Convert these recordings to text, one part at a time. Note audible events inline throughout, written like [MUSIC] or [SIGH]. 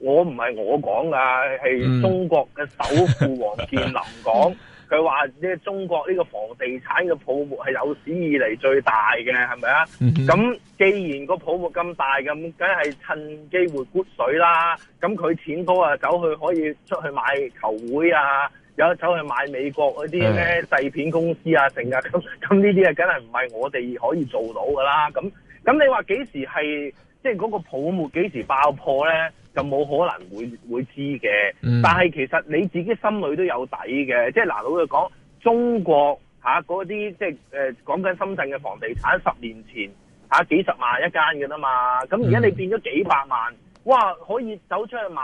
我唔係我講噶，係中國嘅首富王健林講，佢話即係中國呢個房地產嘅泡沫係有史以嚟最大嘅，係咪啊？咁、嗯、既然個泡沫咁大，咁梗係趁機會沽水啦。咁佢錢多啊，走去可以出去買球會啊，又走去買美國嗰啲咩製片公司啊，成日咁咁呢啲啊，梗係唔係我哋可以做到噶啦。咁咁你話幾時係即係嗰個泡沫幾時爆破咧？就冇可能會會知嘅，但係其實你自己心裏都有底嘅。即係嗱，老實講，中國嚇嗰啲即係誒講緊深圳嘅房地產，十年前嚇幾十萬一間嘅啦嘛。咁而家你變咗幾百萬，哇！可以走出去買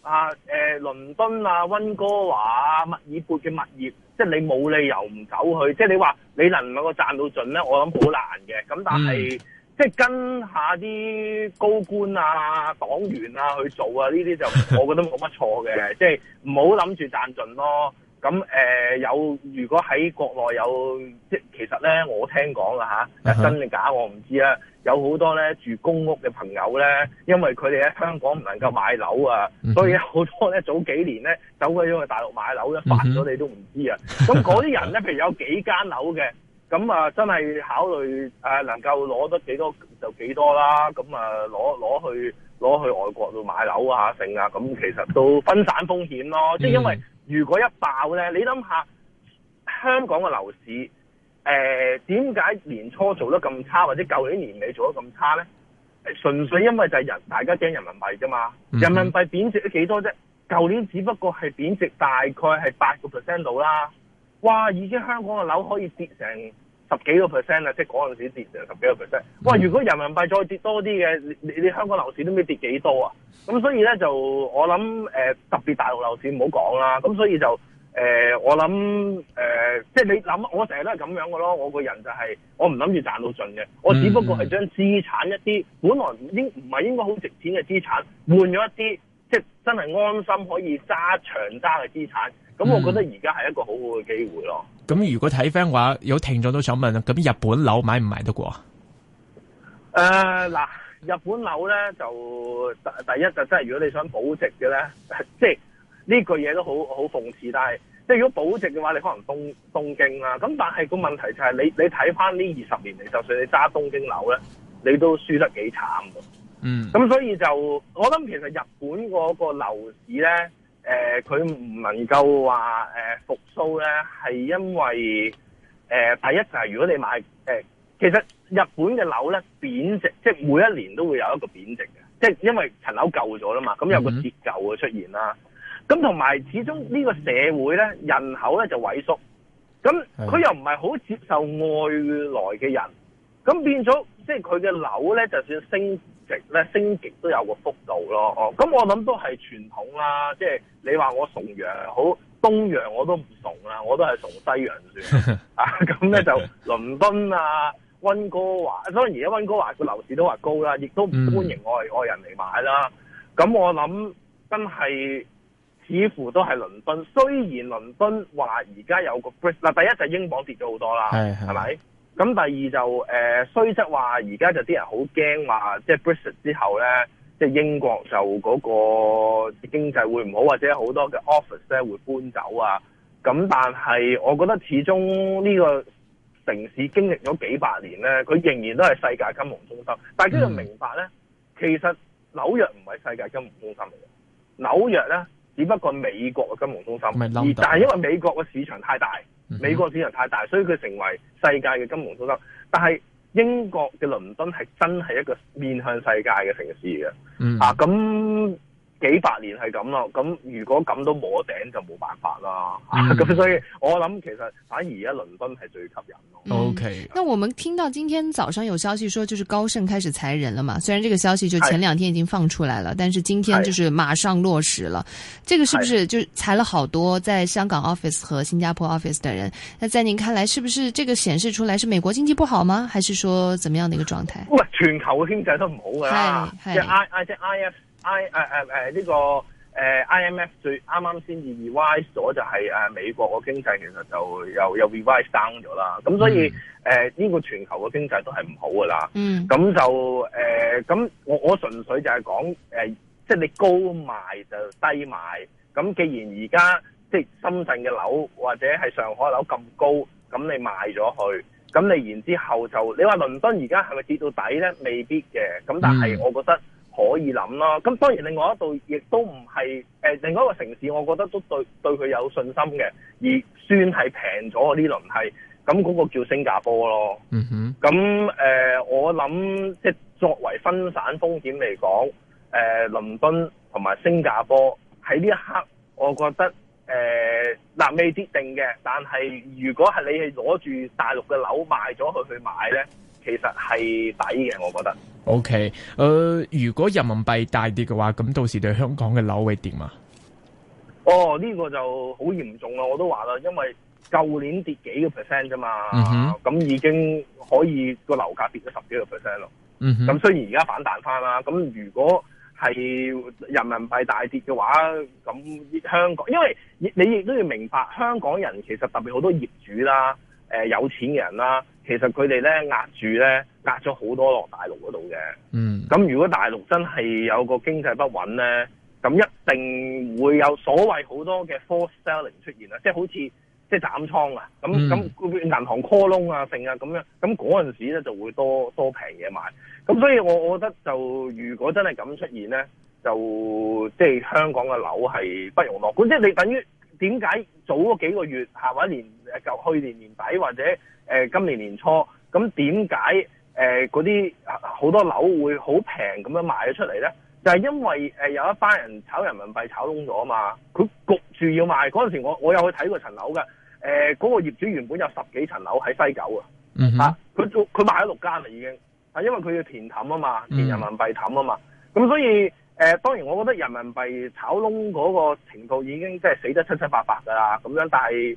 啊誒，倫敦啊、溫哥華啊、墨爾本嘅物業，即係你冇理由唔走去。即係你話你能唔能夠賺到盡咧，我諗好難嘅。咁但係。即係跟下啲高官啊、黨員啊去做啊，呢啲就我覺得冇乜錯嘅。即係唔好諗住賺盡咯。咁誒、呃、有，如果喺國內有，即係其實咧，我聽講啦嚇，真定假我唔知啊。Uh -huh. 知有好多咧住公屋嘅朋友咧，因為佢哋喺香港唔能夠買樓啊，mm -hmm. 所以好多咧早幾年咧走咗去大陸買樓咧，賣咗你都唔知啊。咁嗰啲人咧，譬如有幾間樓嘅。咁啊，真係考慮誒、啊、能夠攞得幾多就幾多啦。咁啊，攞、啊、攞去攞去外國度買樓啊，剩啊，咁、啊、其實都分散風險咯。即、mm. 係因為如果一爆咧，你諗下香港嘅樓市誒點解年初做得咁差，或者舊年年尾做得咁差咧？純粹因為就係人大家驚人民幣啫嘛。Mm. 人民幣貶值咗幾多啫？舊年只不過係貶值大概係八個 percent 到啦。哇！已經香港嘅樓可以跌成十幾個 percent 啦，即係嗰陣時跌成十幾個 percent。哇！如果人民幣再跌多啲嘅，你你香港樓市都未跌幾多啊？咁所以咧就我諗誒、呃、特別大陸樓市唔好講啦。咁所以就誒我諗誒即係你諗，我成日、呃、都係咁樣嘅咯。我個人就係、是、我唔諗住賺到盡嘅，我只不過係將資產一啲、嗯、本來應唔係應該好值錢嘅資產換咗一啲、嗯、即係真係安心可以揸長揸嘅資產。咁、嗯、我覺得而家係一個好好嘅機會咯。咁、嗯、如果睇翻嘅話，有聽眾都想問啦，咁日本樓買唔買得過？誒、呃、嗱，日本樓咧就第第一就真、是、係如果你想保值嘅咧，即係呢句嘢都好好諷刺。但係即係如果保值嘅話，你可能東東京啦、啊。咁但係個問題就係、是、你你睇翻呢二十年嚟，就算你揸東京樓咧，你都輸得幾慘。嗯。咁所以就我諗其實日本嗰個樓市咧。誒佢唔能夠話誒、呃、復甦咧，係因為誒、呃、第一就係如果你買誒、呃，其實日本嘅樓咧貶值，即係每一年都會有一個貶值嘅，即係因為層樓舊咗啦嘛，咁有個折舊嘅出現啦。咁同埋始終呢個社會咧人口咧就萎縮，咁佢又唔係好接受外來嘅人，咁變咗即係佢嘅樓咧就算升。值咧升極都有個幅度咯，哦，咁我諗都係傳統啦，即係你話我崇洋好東洋我都唔崇啦，我都係崇西洋算 [LAUGHS] 啊，咁咧就倫敦啊、溫哥華。所以而家溫哥華個樓市都話高啦，亦都唔歡迎外、嗯、外人嚟買啦，咁我諗真係似乎都係倫敦，雖然倫敦話而家有個嗱第一就英鎊跌咗好多啦，係係咪？咁第二就誒、呃、雖則話而家就啲人好驚話，即係 Brexit 之後咧，即係英國就嗰個經濟會唔好，或者好多嘅 office 咧會搬走啊。咁但係我覺得始終呢個城市經營咗幾百年咧，佢仍然都係世界金融中心。大家要明白咧，嗯、其實紐約唔係世界金融中心嚟嘅，紐約咧只不過美國嘅金融中心，而但係因為美國嘅市場太大。嗯、美國市場太大，所以佢成為世界嘅金融中心。但係英國嘅倫敦係真係一個面向世界嘅城市嘅，嗯，啊咁。幾百年係咁咯，咁如果咁都冇得頂就冇辦法啦。咁、嗯、 [LAUGHS] 所以我諗其實反而而家倫敦係最吸引咯。O、嗯、K，嗯、那我們聽到今天早上有消息說，就是高盛開始裁人了嘛。雖然這個消息就前兩天已經放出來了，是但是今天就是馬上落實了。這個是不是就裁了好多在香港 office 和新加坡 office 的人？那在您看來，是不是這個顯示出來是美國經濟不好嗎？還是說怎麼樣的一個狀態？喂，全球嘅經濟都唔好㗎，I 誒誒誒呢個誒 IMF 最啱啱先 revised 咗就係啊美國個經濟其實就又又 revised down 咗啦，咁所以誒呢個全球嘅經濟都係唔好噶啦。嗯，咁、uh, 嗯、就誒咁、uh, 我我純粹就係講誒，即係你高賣就低賣。咁既然而家即係深圳嘅樓或者係上海樓咁高，咁你賣咗去，咁你然之後就你話倫敦而家係咪跌到底咧？未必嘅。咁但係我覺得。嗯可以諗咯，咁當然另外一度亦都唔係誒，另外一個城市，我覺得都對對佢有信心嘅，而算係平咗呢輪係，咁嗰個叫新加坡咯。嗯哼，咁誒、呃、我諗即係作為分散風險嚟講，誒、呃、倫敦同埋新加坡喺呢一刻，我覺得誒嗱、呃呃呃、未必定嘅，但係如果係你係攞住大陸嘅樓賣咗佢去買咧。其實係抵嘅，我覺得。OK，誒，如果人民幣大跌嘅話，咁到時對香港嘅樓會點啊？哦，呢、這個就好嚴重啦，我都話啦，因為舊年跌幾個 percent 啫嘛，咁已、嗯嗯嗯、已經可以個樓價跌咗十幾個 percent 咯。嗯，咁雖然而家反彈翻啦，咁如果係人民幣大跌嘅話，咁香港，因為你亦都要明白，香港人其實特別好多業主啦，誒、呃，有錢嘅人啦。其實佢哋咧壓住咧壓咗好多落大陸嗰度嘅。嗯，咁如果大陸真係有個經濟不穩咧，咁一定會有所謂好多嘅 force selling 出現啦，即係好似即係斬倉啊，咁咁銀行 call loan 啊，成啊咁樣。咁嗰陣時咧就會多多平嘢買。咁所以我我覺得就如果真係咁出現咧，就即係香港嘅樓係不容樂觀。即係你等於點解早嗰幾個月係嘛年舊去年年底或者？呃、今年年初，咁點解誒嗰啲好多樓會好平咁樣賣咗出嚟咧？就係、是、因為誒、呃、有一班人炒人民幣炒窿咗啊嘛，佢焗住要賣。嗰陣時我我有去睇過層樓嘅，誒、呃、嗰、那個業主原本有十幾層樓喺西九、mm -hmm. 啊，嚇佢做佢賣咗六間啦已經，啊因為佢要填氹啊嘛，填人民幣氹啊嘛，咁、mm -hmm. 所以誒、呃、當然我覺得人民幣炒窿嗰個程度已經即係死得七七八八㗎啦，咁樣但係。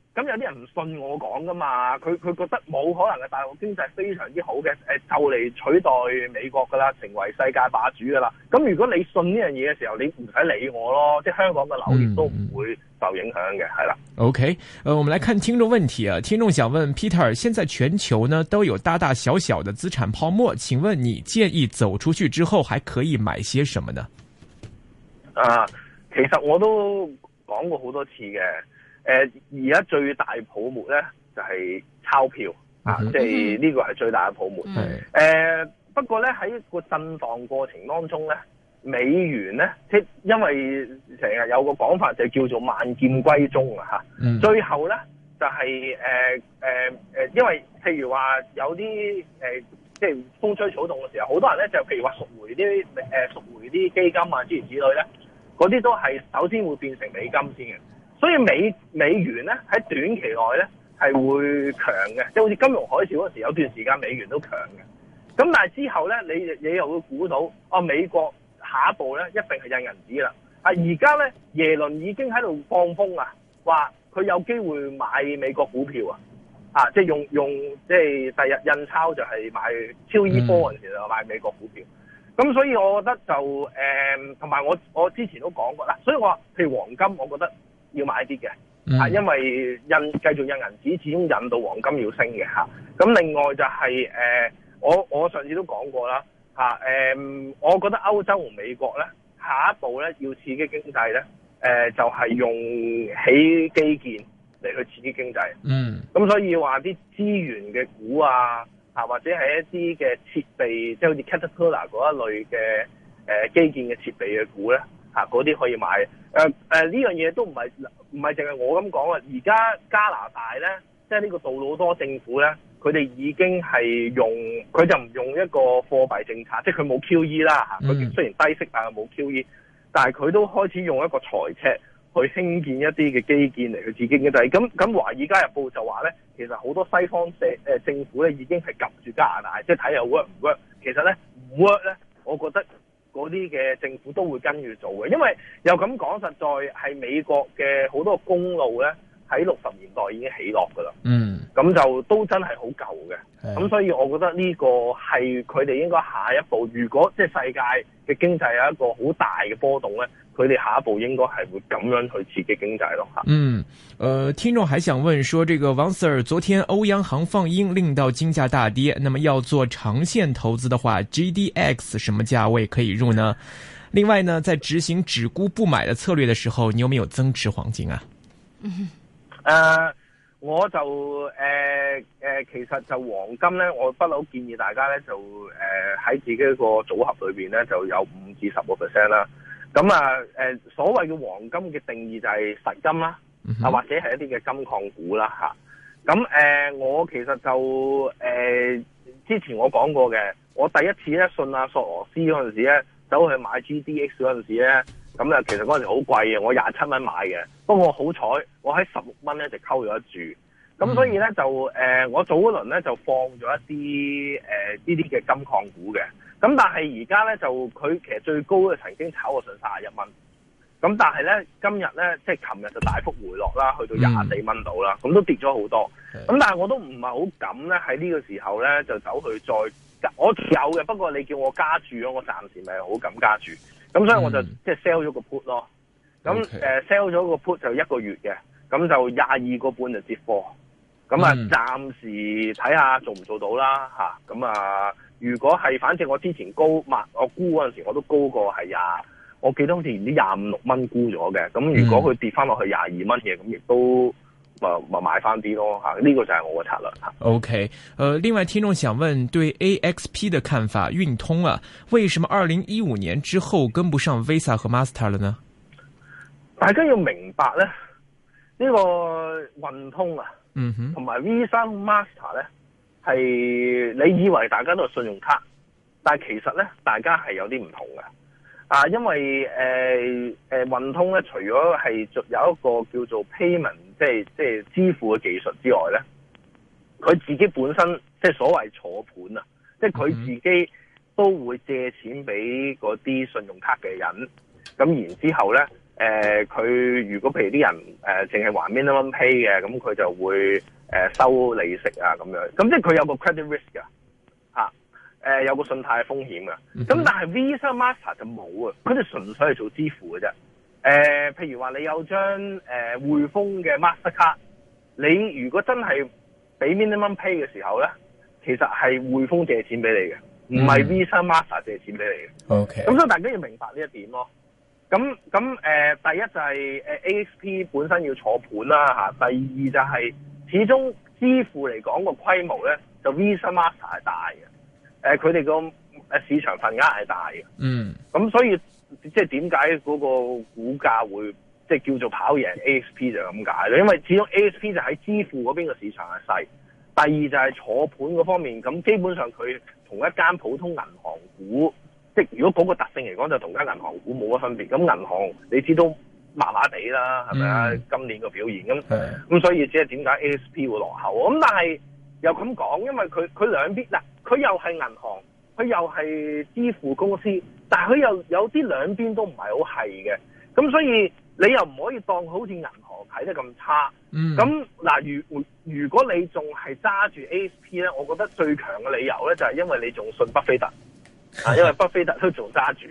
咁有啲人唔信我講噶嘛，佢佢覺得冇可能嘅，大陸經濟非常之好嘅，誒就嚟取代美國噶啦，成為世界霸主噶啦。咁如果你信呢樣嘢嘅時候，你唔使理我咯，即係香港嘅樓市都唔會受影響嘅，係啦。OK，誒、呃，我們來看聽眾問題啊，聽眾想問 Peter，現在全球呢都有大大小小的資產泡沫，請問你建議走出去之後還可以買些什麼呢？啊，其實我都講過好多次嘅。誒、呃，而家最大泡沫咧就係、是、鈔票啊，即係呢個係最大嘅泡沫。誒、mm -hmm. mm -hmm. 呃，不過咧喺個震盪過程當中咧，美元咧，即因為成日有個講法就叫做萬劍歸宗啊吓。Mm -hmm. 最後咧就係誒誒誒，因為譬如話有啲誒、呃、即係風吹草動嘅時候，好多人咧就譬如話贖回啲誒贖回啲基金啊呢，諸如此類咧，嗰啲都係首先會變成美金先嘅。所以美美元咧喺短期內咧係會強嘅，即係好似金融海嘯嗰時有段時間美元都強嘅。咁但係之後咧，你你又會估到啊，美國下一步咧一定係印銀紙啦。啊，而家咧耶倫已經喺度放風啊，話佢有機會買美國股票啊，啊，即係用用即係第日日印鈔就係買超易波嗰陣時就買美國股票。咁、嗯、所以我覺得就誒，同、呃、埋我我之前都講過啦，所以我話譬如黃金，我覺得。要買啲嘅嚇，因為印繼續印銀紙，始終引到黃金要升嘅嚇。咁、啊、另外就係、是、誒、呃，我我上次都講過啦嚇，誒、啊呃，我覺得歐洲同美國咧，下一步咧要刺激經濟咧，誒、呃、就係、是、用起基建嚟去刺激經濟。嗯，咁所以話啲資源嘅股啊，嚇、啊、或者係一啲嘅設備，即係好似 Caterpillar 嗰一類嘅誒、呃、基建嘅設備嘅股咧。嚇、啊，嗰啲可以買。誒誒，呢樣嘢都唔係唔係淨係我咁講啊！而、啊、家、啊、加拿大咧，即係呢個杜魯多政府咧，佢哋已經係用佢就唔用一個貨幣政策，即係佢冇 QE 啦嚇。佢、啊嗯、雖然低息，但係冇 QE，但係佢都開始用一個財赤去興建一啲嘅基建嚟去刺激嘅。就係咁咁，華爾街日報就話咧，其實好多西方政誒、呃、政府咧已經係撳住加拿大，即係睇下 work 唔 work。其實咧唔 work 咧，我覺得。嗰啲嘅政府都會跟住做嘅，因為又咁講，實在係美國嘅好多公路咧，喺六十年代已經起落㗎啦。嗯。咁就都真係好舊嘅，咁所以我覺得呢個係佢哋應該下一步，如果即係世界嘅經濟有一個好大嘅波動呢，佢哋下一步應該係會咁樣去刺激經濟咯吓。嗯，呃，聽眾還想問說，這個王 Sir，昨天歐央行放鷹令到金價大跌，那麼要做長線投資的話，GDX 什麼價位可以入呢？另外呢，在執行只沽不買的策略的時候，你有沒有增持黃金啊？嗯，呃我就誒誒、呃呃，其實就黃金咧，我不嬲建議大家咧就誒喺、呃、自己個組合裏邊咧就有五至十個 percent 啦。咁啊誒，所謂嘅黃金嘅定義就係實金啦，啊、嗯、或者係一啲嘅金礦股啦嚇。咁誒、呃，我其實就誒、呃、之前我講過嘅，我第一次咧信阿、啊、索羅斯嗰陣時咧，走去買 GDX 嗰陣時咧。咁啊，其實嗰陣時好貴嘅，我廿七蚊買嘅，不過好彩，我喺十六蚊咧就溝咗一注。咁所以咧就誒、呃，我早一輪咧就放咗一啲誒呢啲嘅金礦股嘅。咁但係而家咧就佢其實最高嘅曾經炒過上卅一蚊。咁但係咧今日咧即係琴日就大幅回落啦，去到廿四蚊度啦，咁、嗯、都跌咗好多。咁但係我都唔係好敢咧喺呢個時候咧就走去再，我有嘅，不過你叫我加注囉，我暫時咪好敢加注。咁所以我就、嗯、即係 sell 咗個 put 咯，咁 sell 咗個 put 就一個月嘅，咁就廿二個半就接貨，咁啊暫時睇下做唔做到啦咁、嗯、啊如果係，反正我之前高，唔係我估嗰陣時我都高過係廿、啊，我記得好似唔知廿五六蚊估咗嘅，咁如果佢跌翻落去廿二蚊嘅，咁亦都。咪咪買翻啲咯吓，呢、這個就係我嘅策略。OK，誒、呃，另外聽眾想問對 AXP 的看法，運通啊，為什麼二零一五年之後跟不上 Visa 和 Master 了呢？大家要明白咧，呢、這個運通啊，嗯哼，同埋 Visa 和 Master、Master 咧，係你以為大家都係信用卡，但係其實咧，大家係有啲唔同嘅。啊，因為誒誒、呃呃、運通咧，除咗係有一個叫做 payment，即係即係支付嘅技術之外咧，佢自己本身即係所謂坐盤啊，即係佢自己都會借錢俾嗰啲信用卡嘅人，咁然之後咧，誒、呃、佢如果譬如啲人誒淨係還 minimum pay 嘅，咁佢就會誒、呃、收利息啊咁樣，咁即係佢有個 credit risk 㗎。誒、呃、有個信貸嘅風險啊，咁但係 Visa Master 就冇啊！佢哋純粹係做支付嘅啫。誒、呃，譬如話你有張誒、呃、匯豐嘅 Master 卡，你如果真係俾 Minimum Pay 嘅時候咧，其實係匯豐借錢俾你嘅，唔係 Visa Master 借錢俾你嘅。O、嗯、K。咁、okay。所以大家要明白呢一點咯。咁咁、呃、第一就係 A S P 本身要坐盤啦，第二就係始終支付嚟講個規模咧，就 Visa Master 係大嘅。誒，佢哋個誒市場份額係大嘅，嗯，咁所以即係點解嗰個股價會即係、就是、叫做跑贏 A S P 就咁解啦，因為始終 A S P 就喺支付嗰邊嘅市場係細，第二就係坐盤嗰方面，咁基本上佢同一間普通銀行股，即、就、係、是、如果嗰個特性嚟講，就同間銀行股冇乜分別。咁銀行你知都麻麻地啦，係咪啊？今年個表現咁，咁所以即係點解 A S P 會落後？咁但係又咁講，因為佢佢兩邊啊。佢又係銀行，佢又係支付公司，但係佢又有啲兩邊都唔係好係嘅，咁所以你又唔可以當好似銀行睇得咁差，咁、嗯、嗱，如果如果你仲係揸住 A S P 咧，我覺得最強嘅理由咧就係因為你仲信畢菲特，啊，因為畢菲特都仲揸住，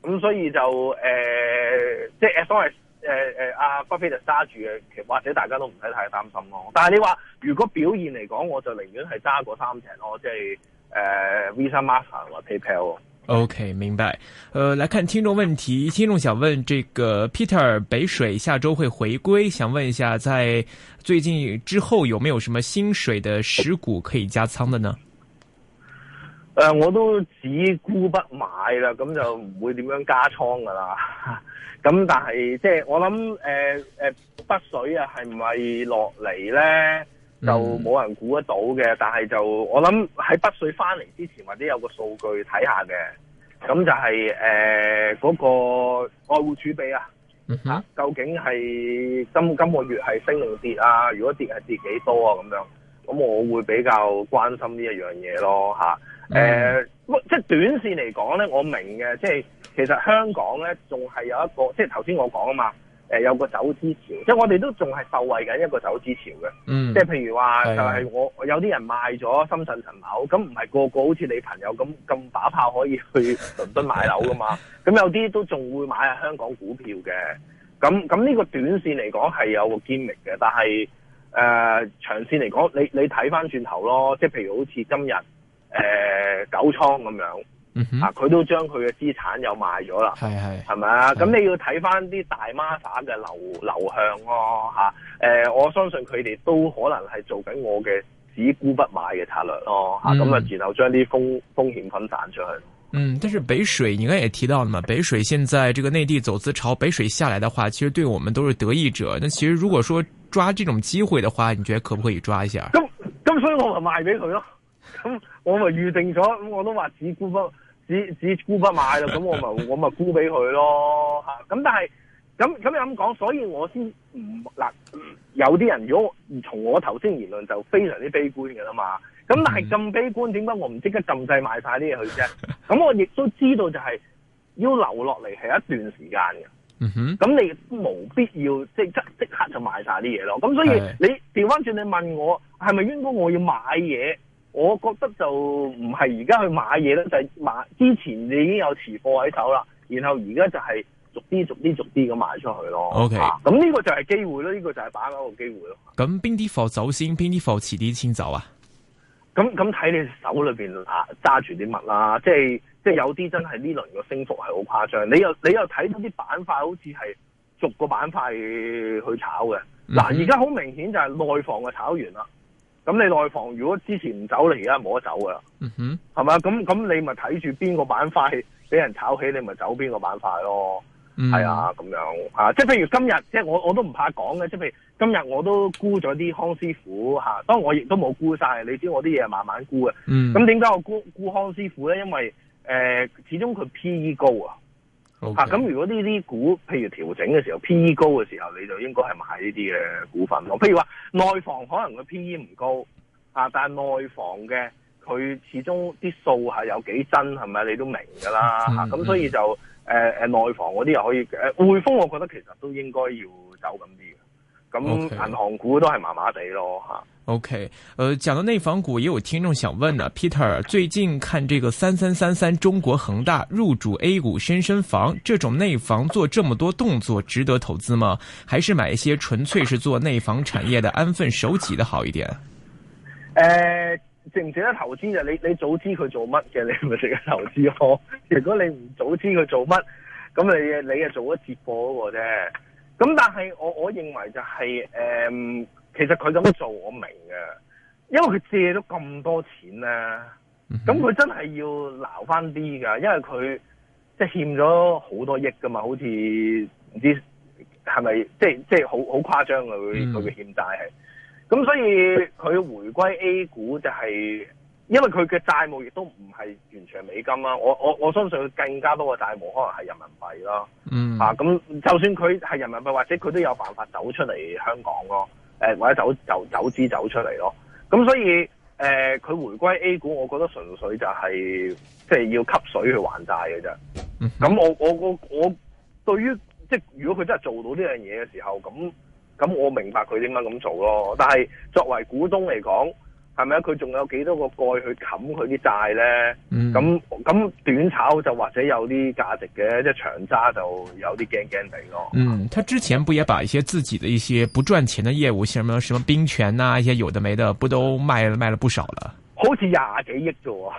咁所以就誒、呃，即係。S O S。誒、呃、誒，阿、啊、巴菲特揸住嘅，其實或者大家都唔使太擔心咯。但係你話，如果表現嚟講，我就寧願係揸嗰三隻咯，即係誒 Visa Master 或者 PayPal 哦。OK，明白。呃，嚟看聽眾問題，聽眾想問，這個 Peter 北水，下周會回歸，想問一下，在最近之後有沒有什麼薪水的石股可以加倉的呢？誒、呃，我都只沽不買啦，咁就唔會點樣加倉噶啦。咁 [LAUGHS] 但係即係我諗，誒、呃、誒，北水啊，係唔係落嚟咧？就冇人估得到嘅。但係就我諗喺北水翻嚟之前，或者有個數據睇下嘅。咁就係誒嗰個外匯儲備啊，uh -huh. 究竟係今今個月係升定跌啊？如果跌係跌幾多啊？咁樣咁我會比較關心呢一樣嘢咯，誒、嗯呃，即係短線嚟講咧，我明嘅。即係其實香港咧，仲係有一個，即係頭先我講啊嘛。有個走資潮，即係我哋都仲係受惠緊一個走資潮嘅。嗯，即係譬如話，就係我有啲人賣咗深圳層樓，咁唔係個個好似你朋友咁咁打炮可以去倫敦買樓噶嘛？咁 [LAUGHS] 有啲都仲會買吓香港股票嘅。咁咁呢個短線嚟講係有個見力嘅，但係誒、呃、長線嚟講，你你睇翻轉頭咯。即係譬如好似今日。誒、呃，九倉咁樣、嗯，啊，佢都將佢嘅資產又賣咗啦，係、嗯、係，係咪、哦、啊？咁你要睇翻啲大孖散嘅流流向咯，吓，誒，我相信佢哋都可能係做緊我嘅只沽不買嘅策略咯、哦，吓、啊，咁、嗯、啊，然後將啲風風險分散出去。嗯，但是北水，你剛才也提到了嘛，北水現在這個內地走資潮，北水下來的話，其實對我們都是得益者。但其實如果說抓這種機會的話，你覺得可不可以抓一下？咁、嗯、咁、嗯嗯嗯嗯嗯，所以我咪賣俾佢咯。咁我咪預定咗，咁我都話只沽不只只沽不買沽咯，咁我咪我咪沽俾佢咯吓。咁但係咁咁咁講，所以我先唔嗱，有啲人如果唔從我頭先言論就非常之悲觀嘅啦嘛。咁但係咁悲觀，點解我唔即刻撳掣賣晒啲嘢去啫？咁我亦都知道，就係要留落嚟係一段時間嘅。咁你無必要即刻即，即，即刻就賣晒啲嘢咯。咁所以你調翻轉，你問我係咪應該我要買嘢？我覺得就唔係而家去買嘢咯，就係、係、買之前你已經有持貨喺手啦，然後而家就係逐啲逐啲逐啲咁賣出去咯。OK，咁呢個就係機會咯，呢、呢個就係把握個機會咯。咁邊啲貨走先？邊啲貨遲啲先走啊？咁咁睇你手裏邊啊揸住啲乜啦？即係即係有啲真係呢輪嘅升幅係好誇張，你又你又睇到啲板塊好似係逐個板塊去去炒嘅。嗱、嗯，而家好明顯就係內房嘅炒完啦。咁你內房如果之前唔走，你而家冇得走噶，係、嗯、嘛？咁咁你咪睇住邊個板塊俾人炒起，你咪走邊個板塊咯？係、嗯、啊，咁樣、啊、即係譬如今日，即係我我都唔怕講嘅。即係譬如今日我都沽咗啲康師傅嚇、啊，當然我亦都冇沽晒，你知我啲嘢係慢慢沽嘅。咁點解我沽沽康師傅咧？因為誒、呃，始終佢 PE 高啊。Okay. 啊，咁如果呢啲股，譬如調整嘅時候，PE 高嘅時候，你就應該係買呢啲嘅股份咯。譬如話內房可能佢 PE 唔高，啊，但係內房嘅佢始終啲數係有幾真，係咪你都明㗎啦？咁、啊、所以就誒誒、呃、內房嗰啲又可以誒、呃，匯豐我覺得其實都應該要走咁啲。咁、嗯、銀、okay. 行股都係麻麻地咯吓。OK，呃講到內房股，也有聽眾想問呢、啊 okay. Peter 最近看這個三三三三中國恒大入主 A 股深深房，這種內房做這麼多動作，值得投資嗎？還是買一些純粹是做內房產業的安分守己的好一點？誒、呃，值唔值得投資就你你早知佢做乜嘅，你咪值得投資咯。如果你唔早知佢做乜，咁你你又做一節播喎，個啫。咁但係我我認為就係、是、誒、嗯，其實佢咁做我明嘅，因為佢借咗咁多錢咧，咁佢真係要撈翻啲噶，因為佢即係欠咗好多億噶嘛，好似唔知係咪即係即係好好誇張佢佢嘅欠債係，咁所以佢回歸 A 股就係、是。因為佢嘅債務亦都唔係完全美金啦，我我我相信佢更加多嘅債務可能係人民幣啦。嗯，啊咁，就算佢係人民幣或者佢都有辦法走出嚟香港咯，誒、呃、或者走走走資走出嚟咯。咁所以誒，佢、呃、回歸 A 股，我覺得純粹就係即係要吸水去還債嘅啫。咁我我我我對於即係如果佢真係做到呢樣嘢嘅時候，咁咁我明白佢應該咁做咯。但係作為股東嚟講，係咪佢仲有幾多個蓋去冚佢啲債咧？咁、嗯、咁短炒就或者有啲價值嘅，即係長揸就有啲驚驚地咯。嗯，佢之前不也把一些自己的一些不賺錢的業務，像什麼什麼冰泉啊，一些有的沒的，不都賣了賣了不少了？好似廿幾億啫喎。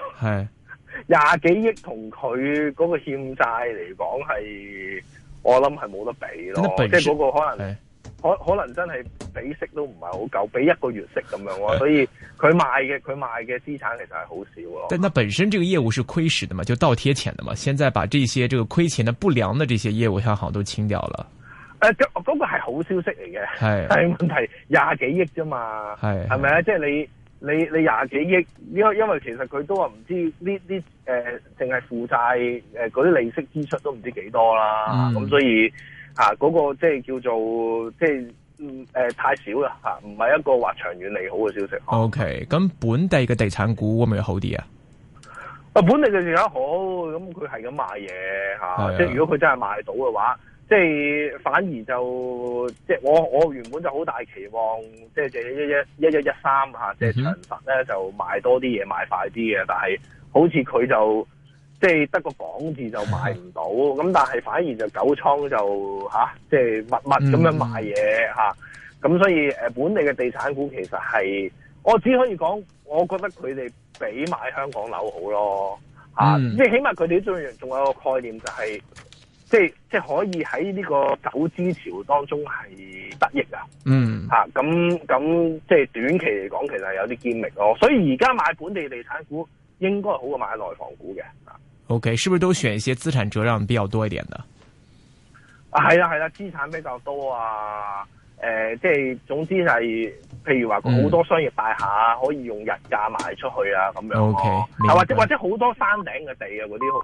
係廿幾億同佢嗰個欠債嚟講，係我諗係冇得比咯。即係嗰個可能、哎。可可能真係俾息都唔係好夠，俾一個月息咁樣喎，所以佢賣嘅佢賣嘅資產其實係好少咯。但係本身這個業務是虧蝕的嘛，就倒貼錢的嘛。現在把這些這個虧錢的不良的這些業務，好像都清掉了。誒、呃，嗰、那個係好消息嚟嘅，係但係問題廿幾億啫嘛，係係咪啊？即係、就是、你你你廿幾億，因為因為其實佢都話唔知呢呢誒，淨、呃、係負債誒嗰啲利息支出都唔知幾多啦，咁、嗯、所以。啊！嗰、那個即係叫做即係，誒、嗯呃、太少啦吓，唔、啊、係一個話長遠利好嘅消息。O K，咁本地嘅地產股會唔會好啲啊？啊，本地嘅地產好，咁佢係咁賣嘢吓，啊啊、即係如果佢真係賣到嘅話，即係反而就即係我我原本就好大期望，即係借一一一一一三吓，即係長實咧就賣多啲嘢，賣快啲嘅，但係好似佢就。即係得個港字就買唔到，咁、嗯、但係反而就九倉就即係、啊就是、密密咁樣賣嘢咁，所以本地嘅地產股其實係，我只可以講，我覺得佢哋比買香港樓好咯，即係、啊嗯、起碼佢哋仲有仲有一個概念就係、是，即係即係可以喺呢個走資潮當中係得益、嗯、啊，咁咁即係短期嚟講其實係有啲堅力咯，所以而家買本地地產股應該好過買內房股嘅。O、okay, K，是不是都選一些資產折讓比較多一點的？啊，係啦係啦，資、啊、產比較多啊，誒、呃，即係總之係，譬如話好多商業大廈啊、嗯，可以用日價賣出去啊，咁樣 o、okay，係、啊、或者或者好多山頂嘅地啊，啲好。